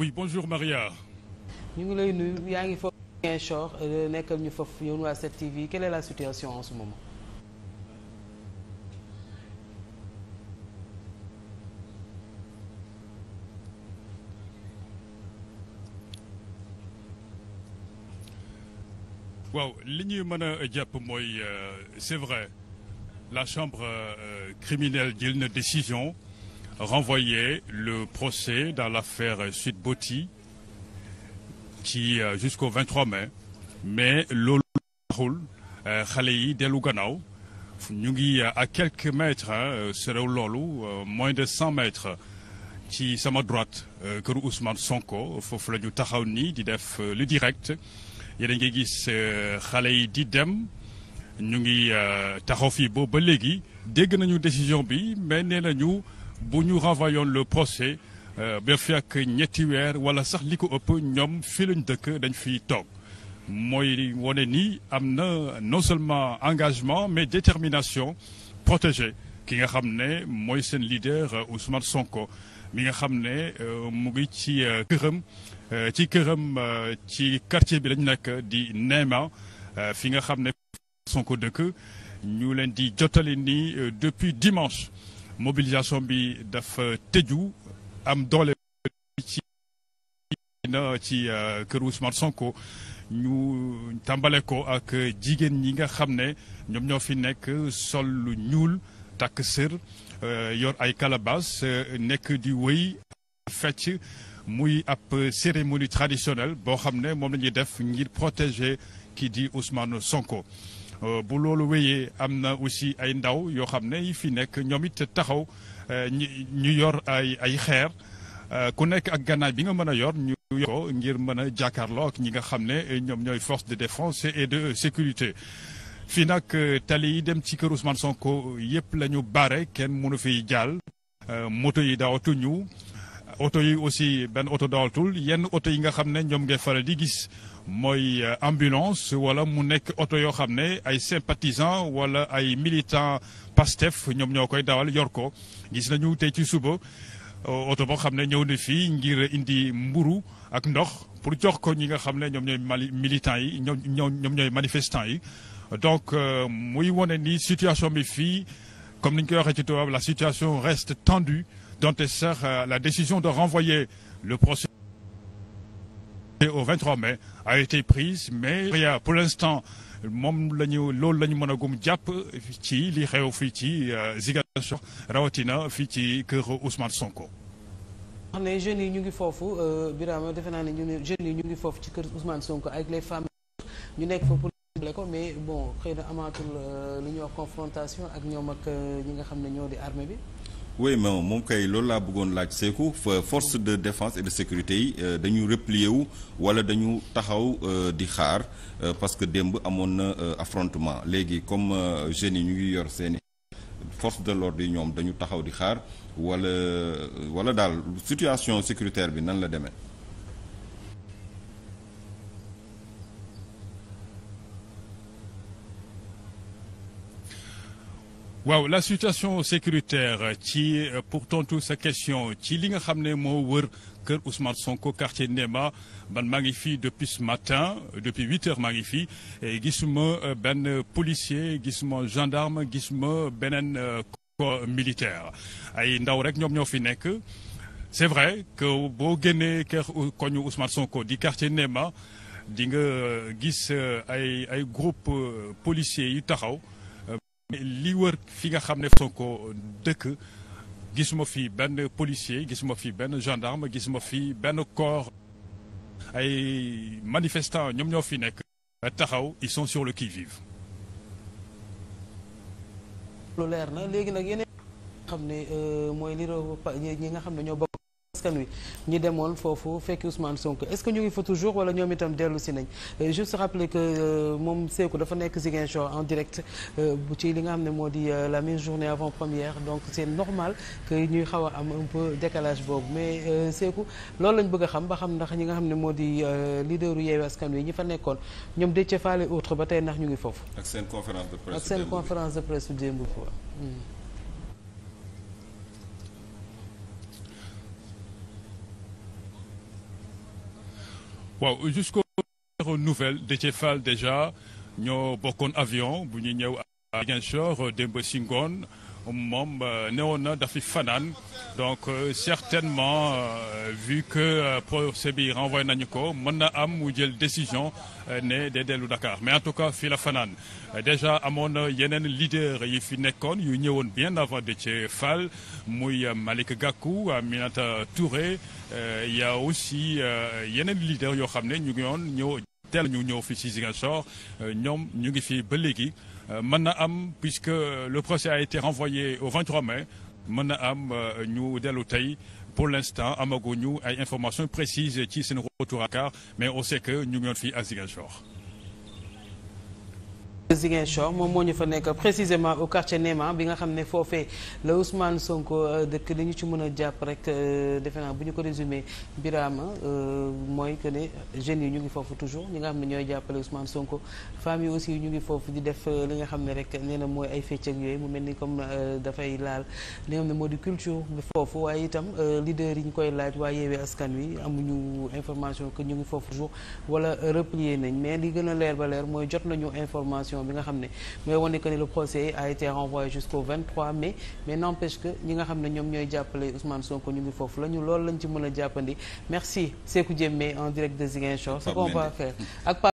oui bonjour Maria. ñu ngi lay nuyu yaa ngi foofu Ziguinchor euh, nekkal ñu foofu yow waa 7TV quelle la situation en moment. waaw li ñuy mën a jàpp mooy euh, c'est vrai la chambre euh, criminelle jël na décision. renvoyer le procès dans l'affaire Sweet Beauty ci euh, jusqu'au 23 mai mais loolu taxul euh, xale yi dellu gannaaw ñu ngi euh, à quelques mètres serew loolu moins de 100 mètres ci sama droite kër Ousmane Sonko foofu la ñu taxaw nii di def le direct yéen a ngi gis xale yi di dem ñu ngi taxaw fii boobu ba léegi dégg nañu décision bi mais ne nee nañu bu ñu renvoyoon le procès euh, ba fekk ñetti weer wala sax li ko ëpp ñoom fii lañ dëkk dañ fi toog mooy wone ni am na non seulement engagement mais détermination protéger ki nga xam ne mooy seen leader euh, Ousmane Sonko mi nga xam ne euh, mu ngi ci këram ci këram ci quartier bi lañ nekk di Néma fi nga xam ne Sonko dëkk ñu leen di jottali ni depuis dimanche mobilisation bi dafa tëju am doole ci na ci euh, kër Ousmane Sonko ñu tàmbale ko ak jigéen ñi nga xam ne ñoom ñoo fi nekk sol lu ñuul takk sër euh, yor ay kalabas euh, nekk di wëy fecc muy ab cérémonie traditionnelle boo xam ne moom la ñuy def ngir protéger kii di Ousmane Sonko. Euh, bu loolu wéyee am na aussi ay ndaw yoo xam ne yi fi nekk ñoom it taxaw euh, ñu yor ay ay xeer euh, ku nekk ak gannaay bi nga mën a yor ñu ko ngir mën a jàkkaarloo ak ñi nga xam ne ñoom ñooy force de défense et de sécurité fii nag tali yi dem ci kër Ousmane Sonko yëpp lañu bare kenn mënu fiy jàll moto yi daawatuñu oto yi aussi benn oto dawatul yenn oto yi nga xam ne ñoom ngay faral di gis mooy euh, ambulance wala mu nekk oto yoo xam ne ay sympathisants wala ay militants Pastef ñoom ñoo koy dawal yor ko gis nañu tey ci suba euh, oto boo xam ne ñëw na fii ngir indi mburu ak ndox pour jox ko ñi nga xam ne ñoom ñooy militants yi ñoom ñoom ñooy manifestants yi donc euh, muy wone ni situation bi fii comme ni ñu koy waxee ci tubaab la situation reste tendue donte sax euh, la décision de renvoyer le procès au 23 mai a été prise mais pour l'instant moom la ñu loolu la mën a gum jàpp ci li xew fii ci euh, Ziguinchor rawatina fii ci kër Ousmane Sonko. xam ne jeunes yi ñu ngi foofu euh, Birame defe naa ne ñu ne yi ñu ngi foofu ci kër Ousmane Sonko avec les femmes ñu nekk fa pour ko mais bon xëy na amaatul lu ñuy wax confrontation ak ñoom ak ñi nga xam ne ñoo di armée bi. oui mais moom kay loolu laa bëggoon laaj Sékou force de défense et de sécurité yi euh, dañu replier wu wala dañu taxaw euh, di xaar euh, parce que démb amoon na affrontement léegi comme jeunes yi ñu ngi yor seeni force de lord yi ñoom dañu taxaw di xaar wala wala daal situation sécuritaire bi nan la demee waaw la situation sécuritaire ci euh, pour tontu sa question ci li nga xam ne moo wër kër Ousmane Sonko quartier Nema man maa ngi fii depuis ce matin euh, depuis huit heures maa ngi fii gisuma euh, benn policier ma gendarme ma beneen corps militaire ay ndaw rek ñoom ñoo fi nekk c'est vrai que boo génnee kër koñu Ousmane Sonko di quartier Nema di nga gis ay ay groupe policiers yu taxaw li wër fi nga xam ne Sonko dëkk ma fi benn policier gis ma fi benn gendarme ma fi benn corps ay manifestants ñoom ñoo fi nekk taxaw ils sont sur le qui-vive. lu leer na léegi nag yeneen xam euh, nga xam ne ñoo askan wi ñi demoon foofu fekki Ousmane Sonko est-ce que ñu ngi fa toujours wala ñoom itam dellu si nañ euh, juste rappeler que euh, moom Sékou dafa nekk Ziguinchor en direct euh, bu ci li nga xam ne moo di la même journée avant première donc c'est normal ñuy xaw a am un boobu mais Sékou loolu lañ bëgg xam ba xam ndax ñi nga xam ne moo di leaderu Yewwi Askan Wi ñi fa nekkoon ñoom Déthié Fall et autres ba tey ndax ñu ngi foofu. seen conférence de presse ak seen waaw jusqu'au nouvelle Déthié Fall déjà ñoo bokkoon avion bu ñu ñëw à Ziguinchor démb si ngoon moom euh, néewoon na dafi fanaan donc euh, certainement euh, vu que procès bi renvoyé nañu ko mën na am mu jël décision ne day dellu Dakar mais en tout cas fii la fanaan déjà amoon na yeneen leader yi fi nekkoon yu ñëwoon bien avant Déthié fal muy Malick Gakou Aminata Touré y a aussi yeneen leader yoo xam ne ñu ngi teel ñu ñëw fi ci Ziguinchor euh, ñoom ñu ngi fi ba léegi euh, mën na am puisque le procès a été renvoyé au 23 mai mën na am euh, ñu dellu tey pour l'instant amaguñu ay informations précises ci seen retour à Dakar mais au sait que ñu ngi yoon fii Ziguinchor moom moo ñu fa nekk précisément au quartier Néma bi nga xam ne foofee la Ousmane Sonko euh, dëkk li ñu ci mën a jàpp rek euh, defe naa bu ñu ko résumé Birama euh, mooy que ne jeunes yi ñu ngi foofu toujours ñi nga xam ne ñooy jàppale Ousmane Sonko femmes yi ñu ngi foofu di def li nga xam ne rek nee mooy ay fecc ak yooyu mu mel ni comme dafay laal li nga xam ne moo di culture bi foofu waaye itam leader yi ñu koy laaj waa yeewee askan wi amuñu information que ñu ngi foofu wala replier nañ mais li gën a leer ba décision bi nga xam ne mooy wane que ne le procès a été renvoyé jusqu'au 23 mai mais n'empêche que ñi nga xam ne ñoom ñooy jàppale Ousmane Sonko ñu ngi foofu la ñu loolu ci mën a jàppandi merci Sékou Diémé en direct de Ziguinchor ce qu'on va faire